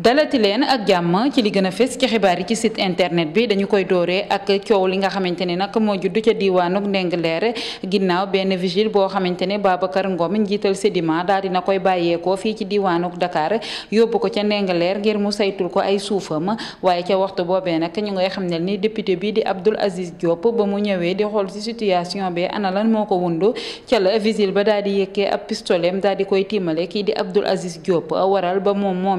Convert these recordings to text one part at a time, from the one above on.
dalati leen ak jàmm ci li gën a ci xibaar yi ci site internet bi dañu koy dooree ak coow li nga xamante ne nag moo judd ca diwaanuk Ndingler ginnaaw benn vigile boo xamante ne Babacar Ngom njiital Sedima daal dina koy bàyyeekoo fii ci diwaanuk Dakar yóbbu ko ca leer ngir mu saytul ko ay suufam waaye ca waxtu boobee nag ñu ngay xam ne ni député bi di Abdoul Aziz Diop ba mu ñëwee di xool si situation bi ana lan moo ko wundu ca la vigile ba daal di yëkkee ab pistolem daal di koy tiimale kii di Abdoul Aziz Diop waral ba moom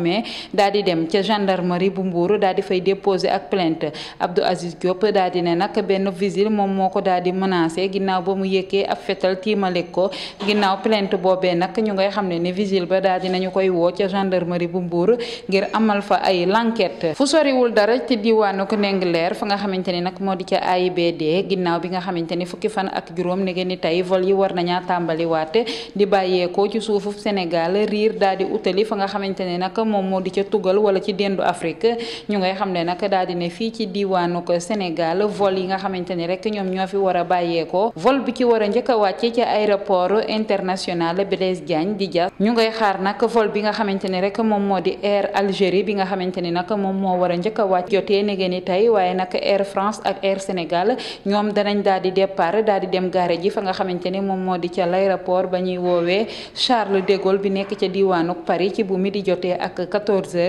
daal di dem ca gendarmerie bu Mbour daal di fay déposer ak plainte Abdou Aziz Diop daal di ne nag benn vigile moom moo ko daal di menacé ginnaaw ba mu yëkkee ab fetal tiimale ko ginnaaw plainte boobee nag ñu ngay xam ne ni vigile ba daal di nañu koy woo ca gendarmerie bu Mbour ngir amal fa ay l'enquête fu soriwul dara ci diwaanu ko Ndingler fa nga xamante ne nag moo di ca AIBD ginnaaw bi nga xamante ni fukki fan ak juróom ne ni tey vol yi war nañaa tàmbaliwaate di bàyyeekoo tugal wala ci dendu Afrique ñu ngay xam ne nag ne fii ci diwaanu Sénégal vol yi nga xamante ni rek ñoom ñoo fi war a bàyyeekoo vol bi ci war a njëkk a wàcce ci aéroport international Blaise Diagne di Diass ñu ngay xaar nag vol bi nga xamante ni rek moom moo di Air Algérie bi nga xamante ni nag moom moo war a njëkk a wàcc jotee negeen ni tey waaye nag Air France ak Air Sénégal ñoom danañ daal di départ daal di dem gaare ji fa nga xamante moom moo di ca l'aéroport ba ñuy woowee Charles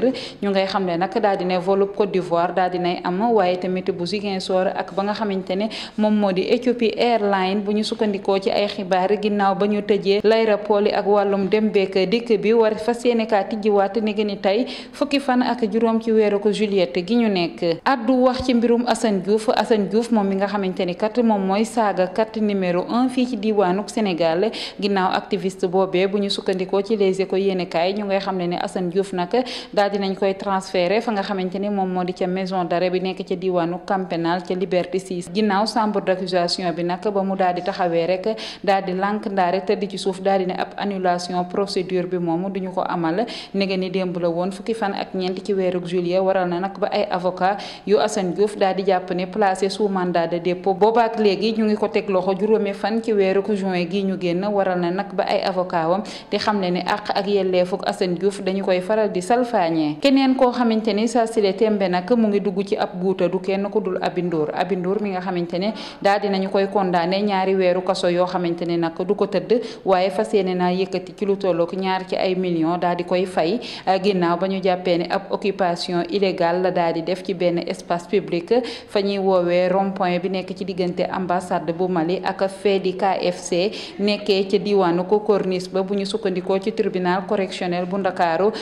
Kër ñu ngay xam ne nag daal di ne volu Côte d'Ivoire daal di nay am waaye tamit bu soor ak ba nga xamante ne moom moo di Ethiopie Airlines bu ñu sukkandikoo ci ay xibaar ginnaaw ba ñu tëjee l'aéroport yi ak wàllum dem beek dikk bi war fas yéene kaa tijjiwaat ni tey fukki fan ak juróom ci weeru ko juillet gi ñu nekk. addu wax ci mbirum Assane Diouf Assane Diouf moom mi nga xamante ni kat moom mooy saaga kat numéro un fii ci diwaanu Sénégal ginnaaw activiste boobee bu ñu sukkandikoo ci les échos yéene ñu ngay xam ne ne Assane Diouf nag daal daal dinañ koy transféré fa nga xamante ni moom moo di ca maison d'arrêt bi nekk ca diwaanu camp pénal ca liberté 6 ginnaaw chambre d'accusation bi nag ba mu daal di taxawee rek daal di lànk ndaare tëdd ci suuf daal di ne ab annulation procédure bi moom duñu ko amal nege ni démb la woon fukki fan ak ñeent ci weeruk juillet waral na nag ba ay avocat yu Assane Diouf daal di jàpp ne placé sous mandat déppo dépôt boobaak léegi ñu ngi ko teg loxo juróomi fan ci weeruk juin gi ñu génn waral na nag ba ay avocat wam di xam ne ni àq ak yelleefuk Assane Diouf dañu koy faral di salfaañi gagné keneen koo xamante ni saa sile tembe nag mu ngi dugg ci ab guuta du kenn ku dul abindoor abindoor mi nga xamante ne daal nañu koy condamné ñaari weeru kaso yoo xamante ne nag du ko tëdd waaye fas yéene naa yëkkati ci lu tollook ñaari ci ay million daal di koy fay ah, ginnaaw ba ñu jàppee ne ab occupation illégale la daal di def ci benn espace public fa ñuy woowee rond bi nekk ci diggante ambassade bu Mali ak fee di KFC nekkee ca diwaanu ko corniche ba bu ñu sukkandikoo ci tribunal correctionnel bu Ndakaaru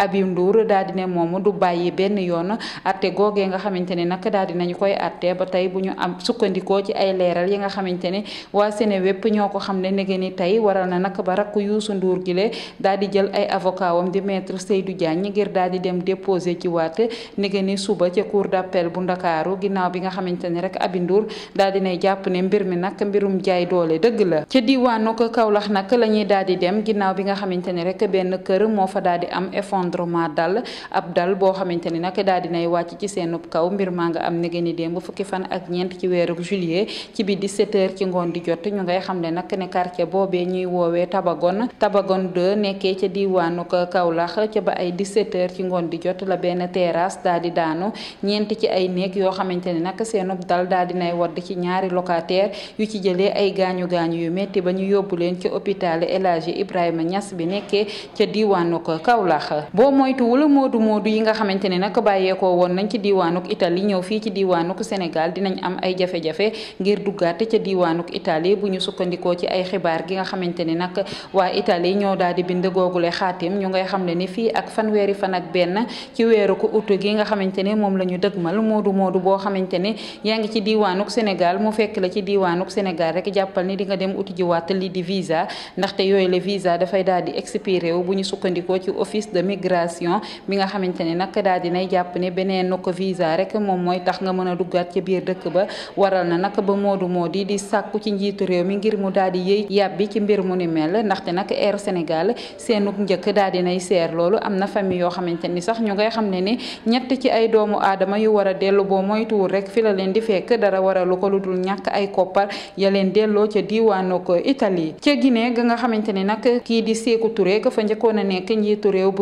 Habib Ndour daal di ne moom du bàyyi benn yoon atte googee nga xamante ne nag daal di nañu koy atte ba tey bu ñu am sukkandikoo ci ay leeral yi nga xamante ne waa wépp ñoo ko xam ne negee ni tey waral na nag ba rakk Youssou nduur gile daal di jël ay avocat di maître Seydou Diagne ngir daal di dem déposé ci waat negee ni suba ci cour d'appel bu Ndakaaru ginnaaw bi nga xamante ne rek Habib Ndour daal di nay jàpp ne mbir mi nag mbirum jaay doole dëgg la ca diwaanu Kaolack daal di dem ginnaaw bi nga xamante ne rek benn kër effondrement dal ab dal boo xamante ni nag daal dinay wàcc ci seenub kaw mbir maa nga am negéeni démb fukki fan ak ñeent ci weeru juillet ci bi 17 heures ci ngoon di jot ñu ngay xam ne nag ne quartier boobee ñuy woowee Tabagon Tabagon 2 nekkee ca diwaanu Kaolack ca ba ay 17 ci ngoon di jot la benn terrasse daal di daanu ñeent ci ay néeg yoo xamante ni nag seenub dal daal dinay wadd ci ñaari locataire yu ci jëlee ay gaañu gaañu yu metti ba ñu yóbbu ci hôpital El Ibrahima Niass bi nekkee boo moytuwul moodu moodu yi nga xamante ne nag bàyyeekoo woon nañ ci diiwaanuk Italie ñëw fii ci diiwaanuk Sénégal dinañ am ay jafe ngir duggaate ca diiwaanuk Italie bu ñu sukkandikoo ci ay xibaar gi nga xamante ne nag waa Italie ñoo daal di bind googule xaatim ñu ngay xam ne ni fii ak fanweeri fan ak benn ci weeru ko ut nga xamante ne moom la ñu dëgmal moodu moodu boo xamante ne yaa ngi ci diiwaanuk Sénégal mu fekk la ci diiwaanuk Sénégal rek jàppal ni di nga dem uti ji lii di visa ndaxte yooyu le visa dafay daal di expiré wu bu ñu sukkandikoo ci office de immigration mi nga xamante ne nag daal dinay jàpp ne beneen ko visa rek moom mooy tax nga mën a duggaat ca biir dëkk ba waral na nag ba Modou Mody di sàkku ci njiitu réew mi ngir mu daal di yëy yàbbi ci mbir mu ni mel ndaxte nag Air Sénégal seenug njëkk daal dinay seer loolu am na famille yoo xamante ni sax ñu ngay xam ne ni ñett ci ay doomu adama yu war a dellu boo moytuwul rek fi la leen di fekk dara waralu ko lu dul ñàkk ay koppar ya leen delloo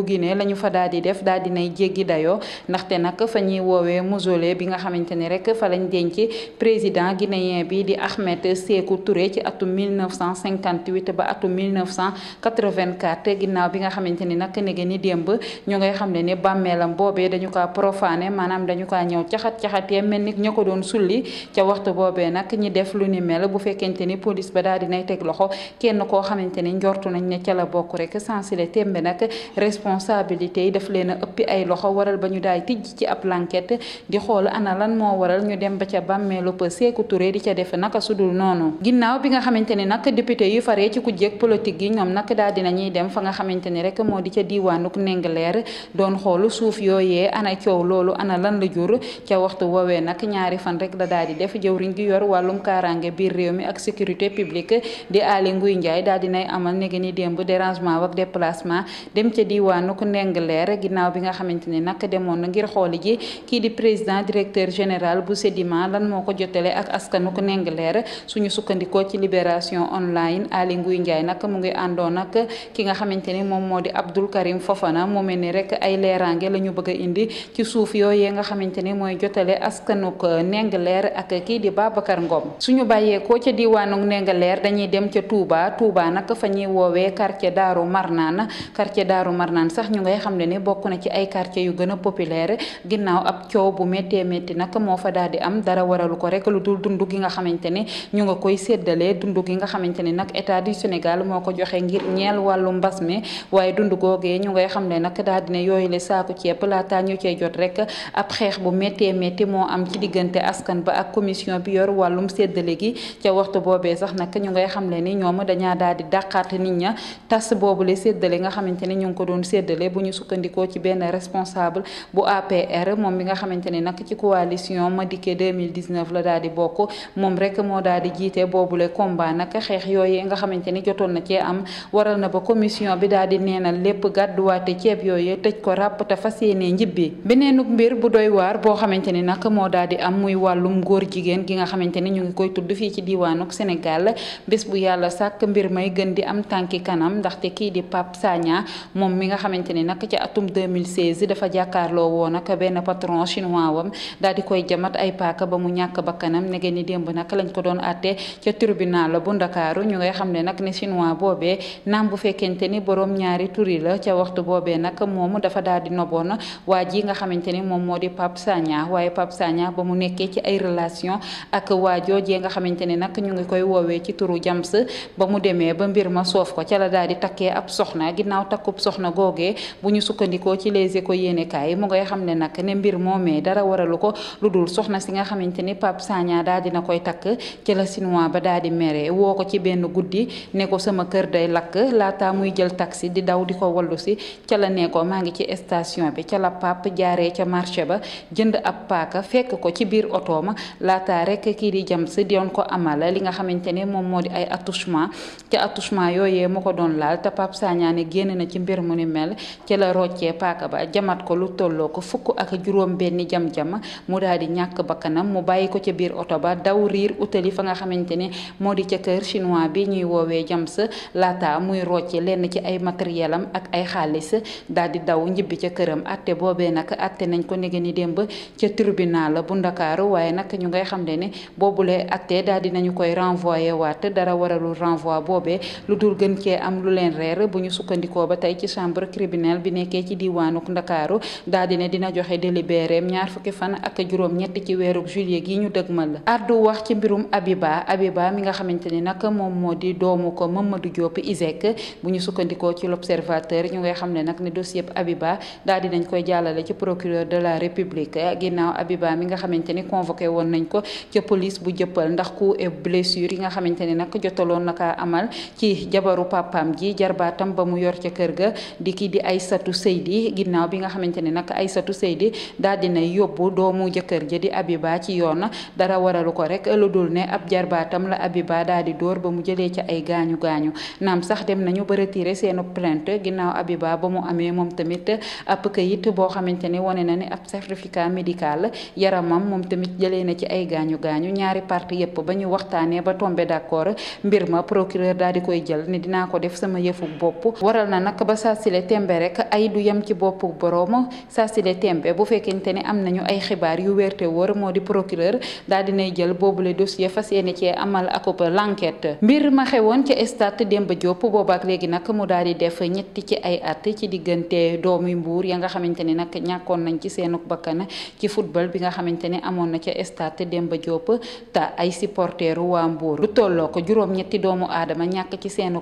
di ne la ñu fa daal di def daal dinay jéggi dayoo ndaxte nag fa ñuy woowee mausolée bi nga xamante ne rek fa lañ denc président guinéen bi di Ahmed Sékou Touré ci atum 1958 ba atum 1984 ginnaaw bi nga xamante ni nag nege ni démb ñu ngay xam ne ne bàmmeelam boobee dañu kaa profané maanaam dañu kaa ñëw caxat-caxatee mel ni ña ko doon sulli ca waxtu boobee nak ñi def lu ni mel bu fekkente ni police ba daal dinay teg loxo kenn koo xamante ni njortu nañ ne ca la bokk rek sensibiliser tembe responsabilité yi leen a ëppi ay loxo waral ba ñu daay tijj ci ab lanket di xool ana lan moo waral ñu dem ba ca bàmmeelu pa Sékou Touré di ca def naka sudul noonu ginnaaw bi nga xamante ni nag député yu faree ci kujjeeg politique yi ñoom nag daal dina ñuy dem fa nga xamante ni rek moo di ca diiwaanuk Ndingler doon xoolu suuf yooyee ana coow loolu ana lan la jur ca waxtu woowee nag ñaari fan rek da daal di def jëwriñ gi yor wàllum kaaraange biir réew mi ak sécurité publique di Aly Ngouille Ndiaye daal dinay amal nege ni démb dérangement wak déplacement dem ca Ndingler ginnaaw bi nga xamante ni nag demoon na ngir xooli ji kii di président directeur général bu Sedima lan moo ko jotale ak askanu ku Ndingler suñu sukkandikoo ci libération online Aly Ngouille Ndiaye nag mu ngi àndoon nag ki nga xamante ni moom moo di Abdoul mel ni rek ay leeraange la ñu bëgg a ci suuf yooyee nga xamante ni mooy jotale askanu ku Ndingler ak kii di Babacar Ngom suñu bàyyeekoo ca diwaanu Ndingler dañuy dem ca Touba Touba nag fa ñuy woowee quartier Daaru Marnaan quartier Daaru Marnaan sax ñu xam ne ne bokk na ci ay quartier yu gën a populaire ginnaaw ab coow bu méttee métti nag moo fa daal di am dara waralu ko rek lu dul dund gi nga xamante ne ñu nga koy séddalee dund gi nga xamante ne nag état du Sénégal moo ko joxe ngir ñeel wàllu mbas mi waaye dund googee ñu ngay xam ne nag daal di ne yooyu le saaku ceeb laata ñu cee jot rek ab xeex bu méttee métti moo am ci diggante askan ba ak commission bi yor wàllum séddale gi ca waxtu boobee sax nag ñu ngay xam ne ni ñoom dañaa daal di dàqaat nit ña nga xamante ne ñu ngi loolee bu ñu sukkandikoo ci benn responsable bu APR moom mi nga xamante ne nag ci coalition Madické 2019 la daal di bokk moom rek moo daal di jiite boobule combat nag xeex yooyu nga xamante ni jotoon na cee am waral na ba commission bi daal di neenal lépp gàdduwaate ceeb yooyu tëj ko ràpp te fas yéenee njibbi beneenu mbir bu doy waar boo xamante ni nag moo daal di am muy wàllum góor jigéen gi nga xamante ni ñu ngi koy tudd fii ci diiwaanuk Sénégal bés bu yàlla sàkk mbir may gën di am tànki kanam ndaxte kii di Pape Sagna moom ni nag ci atum 2016 dafa jàkkaarloo woon nag benn patron chinois wam daal di koy jamat ay paaka ba mu ñàkk bakkanam negeen ni démb nak lañ ko doon àtte ca la bu ndakaaru ñu ngay xam ne nag ne boobee naam bu fekkente ni borom ñaari turi la ca waxtu boobee nag moom dafa daal di noboon waa ji nga xamante ni moom moo di Pape Sagna waaye Pape Sagna ba mu nekkee ci ay relation ak waa joojee nga xamante ni nag ñu ngi koy woowee ci turu jams ba mu demee ba mbir ma soof ko ca la daal di takkee ab soxna ginnaaw takkub soxna googee bu ñu sukkandikoo ci les échos yéenekaay yi mu ngay xam ne nag ne mbir moomee dara waralu ko lu dul si nga xamante ni Pape Sagna daal dina koy takk ci la chinois ba daal di mere woo ko ci benn guddi ne ko sama kër day lakk laata muy jël taxi di daw di ko wallu ca la ne maa ngi ci station bi ca la jaaree ca marché ba jënd ab paaka fekk ko ci biir otooma laata rek kii di jam si doon ko amal li nga xamante ne moom moo di ay attouchement ca attouchement yooyee mu ko doon laal te Pape Sagna ne génn na ci mbir mu ni mel ci la roccee paaka ba jamaat ko lu tolloo ko fukk ak juróom benni jam-jam mu daal di ñàkk bakkanam mu bàyyi ko ca biir oto ba daw riir utali fa nga xamante ne moo di ca kër bi ñuy woowee jams laata muy rocce lenn ci ay matériel am ak ay xaalis daal di daw njibbi ca këram atte boobee nag atte nañ ko nege ni démb ca tribunal bu ndakaaru waaye nag ñu ngay xam ne ne boobule atte daal di nañu koy renvoyé waat dara waralu renvoi boobe lu dul gën cee am lu leen reer bu ñu sukkandikoo ba tey ci chambre criminelle tribunal bi nekkee ci diwaanu Ndakaaru daal di ne dina joxe délibéré ñaar fukki fan ak juróom-ñett ci weeru juillet gi ñu dëgmal addu wax ci mbirum Abiba Abiba mi nga xamante ni nag moom moo di doomu ko Mamadou Diop ISEC bu ñu sukkandikoo ci l'observateur ñu ngay xam ne nag ne dossier Abiba daal di nañ koy jàllale ci procureur de la République ginnaaw Abiba mi nga xamante ni convoqué woon nañ ko ca police bu jëppal ndax coup blessure yi nga xamante ni nag jotaloon na kaa amal ci jabaru papam ji jarbaatam ba mu ga Aysatu Seydi ginnaaw bi nga xamante ne nag Aysatu Seydi daal dina yóbbu doomu jëkkër ji di Abiba ci yoon dara waralu ko rek lu dul ne ab jarbaatam la Abiba daal di dóor ba mu jëlee ci ay gaañu gaañu sax dem nañu ba retiré seenu plainte ginnaaw Abiba ba mu amee moom tamit ab këyit boo xamante ne wane na ne ab certificat médical yaramam moom tamit jëlee na ci ay gaañu gaañu ñaari parti yépp ba ñu waxtaanee ba tombé d'accord mbir ma procureur daal di koy jël ne dinaa ko def sama yëfu bopp waral na nag ba saa sile ne rek ay du yem ci boppu borom saa si le tembe bu fekkente ni am nañu ay xibaar yu wérte wóor moo di procureur daal dinay jël boobu boobule dossier fas yéene cee amal akub l'enquête mbir ma xewoon ca stade Demba Diop boobaak léegi nag mu daal di def ñetti ci ay at ci diggante doomi mbuur ya nga xamante ni nag ñàkkoon nañ ci seenu bakkan ci football bi nga xamante ne amoon na ca stade Demba Diop te ay supporteru waa mbuur lu tolloo ko juróom-ñetti doomu aadama ñàkk ci seenu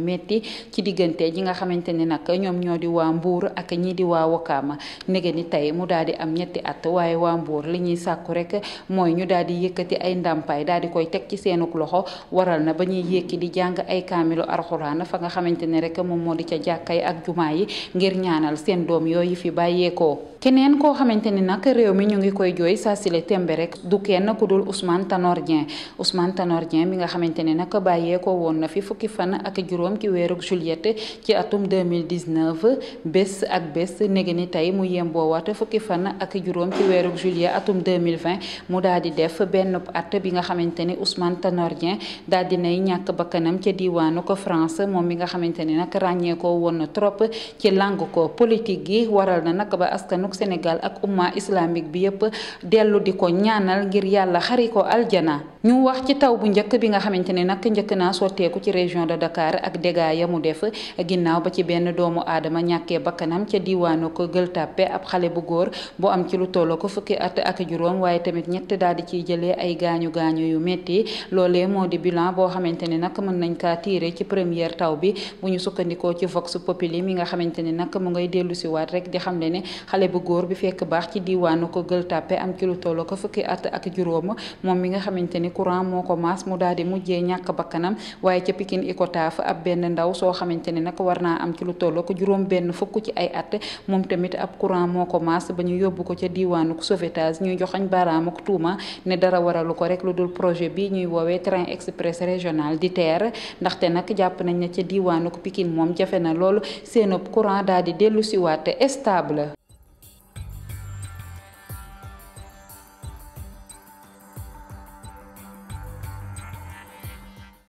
métti ci diggante ji nga xamante ni nag ñoom ñoo di waa mbuur ak ñii di waa Wakaama ndege ni tey mu daal di am ñetti at waaye waa mbuur li ñuy sàkku rek mooy ñu daal di yëkkati ay ndàmpaay daal di koy teg ci seenu loxo waral na ba ñuy yékki di jàng ay kaamilu arxuraan fa nga xamante ne rek moom moo di ca jàkka yi ak jumaa yi ngir ñaanal seen doom yooyu fi bàyyeekoo keneen koo xamante ni nag réew mi ñu ngi koy jooy saa sile tembe rek du kenn ku dul Ousmane Tanor Dieng Ousmane bi nga xamante ne nag bàyyee woon na fi fukki fan ak juróom ci weeru juillet ci atum 2019 bés ak bés néegi ni tey mu yemboowaat fukki fan ak juróom ci weeru juillet atum 2020 mu daal di def benn at bi nga xamante ni Ousmane Tanor di nay ñàkk bakkanam ca diwaanu ko France moom bi nga xamante ni nag ràññee woon na trop ci langue ko politique gi waral na nag ba askanu askanu Sénégal ak umma islamique bi yépp dellu di ko ñaanal ngir yàlla xari ko aljana ñu wax ci taw bu njëkk bi nga xamante ne nag njëkk naa sotteeku ci région de Dakar ak dégâts ya mu def ginnaaw ba ci benn doomu aadama ñàkkee bakkanam ca diwaanu ko Gueule Tapée xale bu góor bu am ci lu tolloo ko fukki at ak juróom waaye tamit ñett daal di ciy jëlee ay gaañu gaañu yu métti loolee moo di bilan boo xamante ne nag mën nañ kaa tiire ci première taw bi sukkandikoo ci Vox mi nga xamante ne ngay dellu siwaat rek di xam ne xale bu bu góor bi fekk baax ci diiwaanu ko gël tàppe am ci lu tolloo ko fukki at ak juróom moom mi nga xamante ni courant moo ko maas mu daal di mujjee ñàkk bakkanam waaye ca i Pikine Icotaf ab benn ndaw soo xamante ni nag war naa am ci lu tolloo ko juróom benn fukk ci ay at moom tamit ab courant moo ko maas ba ñu yóbbu ko ca diiwaanu sauvetage ñuy joxañ baaraam ak tuuma ne dara waralu ko rek lu dul projet bi ñuy woowee train express régional di TER ndaxte nag jàpp nañ ne ca diiwaanu Pikine moom jafe na lool seen courant daal di dellu